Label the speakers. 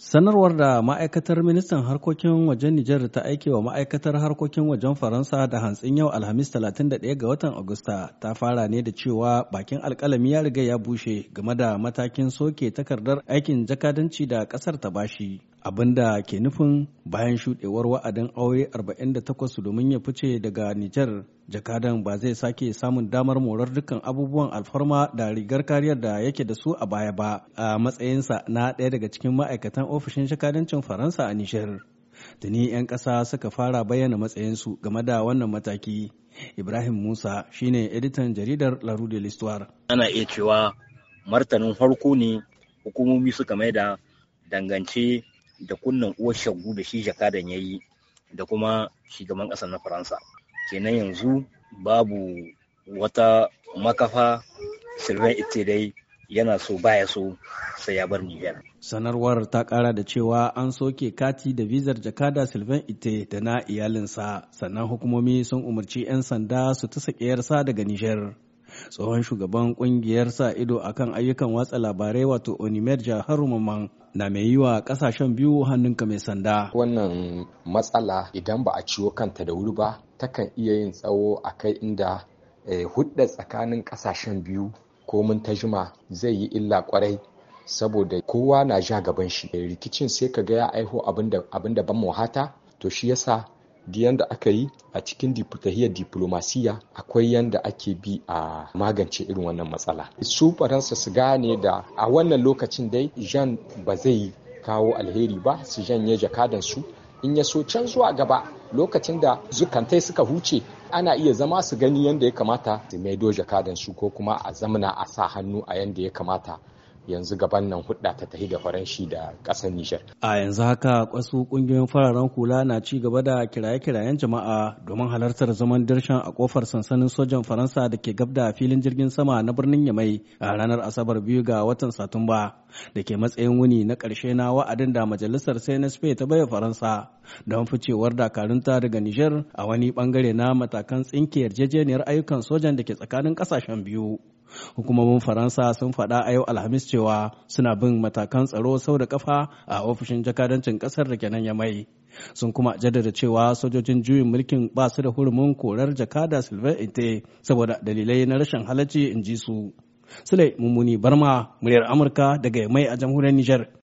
Speaker 1: Sanarwar da ma'aikatar ministan harkokin wajen Nijar ta aike wa ma'aikatar harkokin wajen Faransa da hantsin yau Alhamis 31 ga watan Agusta ta fara ne da cewa bakin alkalami ya riga ya bushe game da matakin soke takardar aikin jakadanci da kasar ta bashi. abin da ke nufin bayan shuɗewar wa'adin aure 48 domin ya fice daga Nijar jakadan ba zai sake samun damar morar dukkan abubuwan alfarma da rigar kariyar da yake da su a baya ba a matsayinsa na ɗaya daga cikin ma'aikatan ofishin jakadancin Faransa a Nijar. Tuni 'yan ƙasa suka fara bayyana matsayinsu game da wannan mataki. Ibrahim Musa shine editan jaridar La Rue de
Speaker 2: Ana iya cewa martanin farko ne hukumomi suka mai da dangance da kunnen uwar shagu da shi jakadan ya yi da kuma shugaban ƙasar na faransa kenan yanzu babu wata makafa sylvain ite dai yana so baya so sai ya bar niger
Speaker 1: sanarwar ta kara da cewa an soke kati da vizar jakada sylvain ite da na iyalinsa sannan hukumomi sun umarci 'yan sanda su ta sakiyarsa daga niger tsohon shugaban kungiyar sa ido akan ayyukan watsa labarai wato Onimed Jahar Mamman na mai yi wa
Speaker 3: kasashen biyu hannunka mai sanda. Wannan matsala idan ba a ciwo kanta da wuri ba takan iya yin tsawo a kai inda eh, hudda tsakanin kasashen biyu ko mun ta jima zai yi illa kwarai saboda kowa na ja gaban shi eh, rikicin sai ka ga ya aiho abinda da ban hata to shi yasa da yanda aka yi a cikin tahiyar diplomasiya akwai yanda ake bi a magance irin wannan matsala su faransa su gane da a wannan lokacin dai jean ba zai kawo alheri ba su ya jakadan su in ya so can zuwa gaba lokacin da zukantai suka huce ana iya zama su gani yadda ya kamata su maido jakadan su ko kuma a zamana a sa hannu a yadda ya kamata yanzu gaban nan hudda ta tahi ga faranshi da ƙasar Nijar. A yanzu
Speaker 1: haka kwasu ƙungiyoyin fararen hula na ci gaba da kiraye-kirayen jama'a domin halartar zaman dirshan a kofar sansanin sojan Faransa da ke gabda da filin jirgin sama na birnin Yamai a ranar Asabar biyu ga watan Satumba da ke matsayin wuni na ƙarshe na wa'adin da majalisar CNSP ta baya Faransa don ficewar dakarunta daga Nijar a wani bangare na matakan tsinke yarjejeniyar ayyukan sojan da ke tsakanin ƙasashen biyu. Hukumomin Faransa sun faɗa a yau Alhamis cewa suna bin matakan tsaro sau da kafa a ofishin jakadancin ƙasar da nan ya mai. Sun kuma jaddada cewa sojojin juyin mulkin ba su da hurumin korar jakada Silver Ite saboda dalilai na rashin halacci in ji su. Sule Mummuni Barma, muryar Amurka daga mai a jamhuriyar Nijar.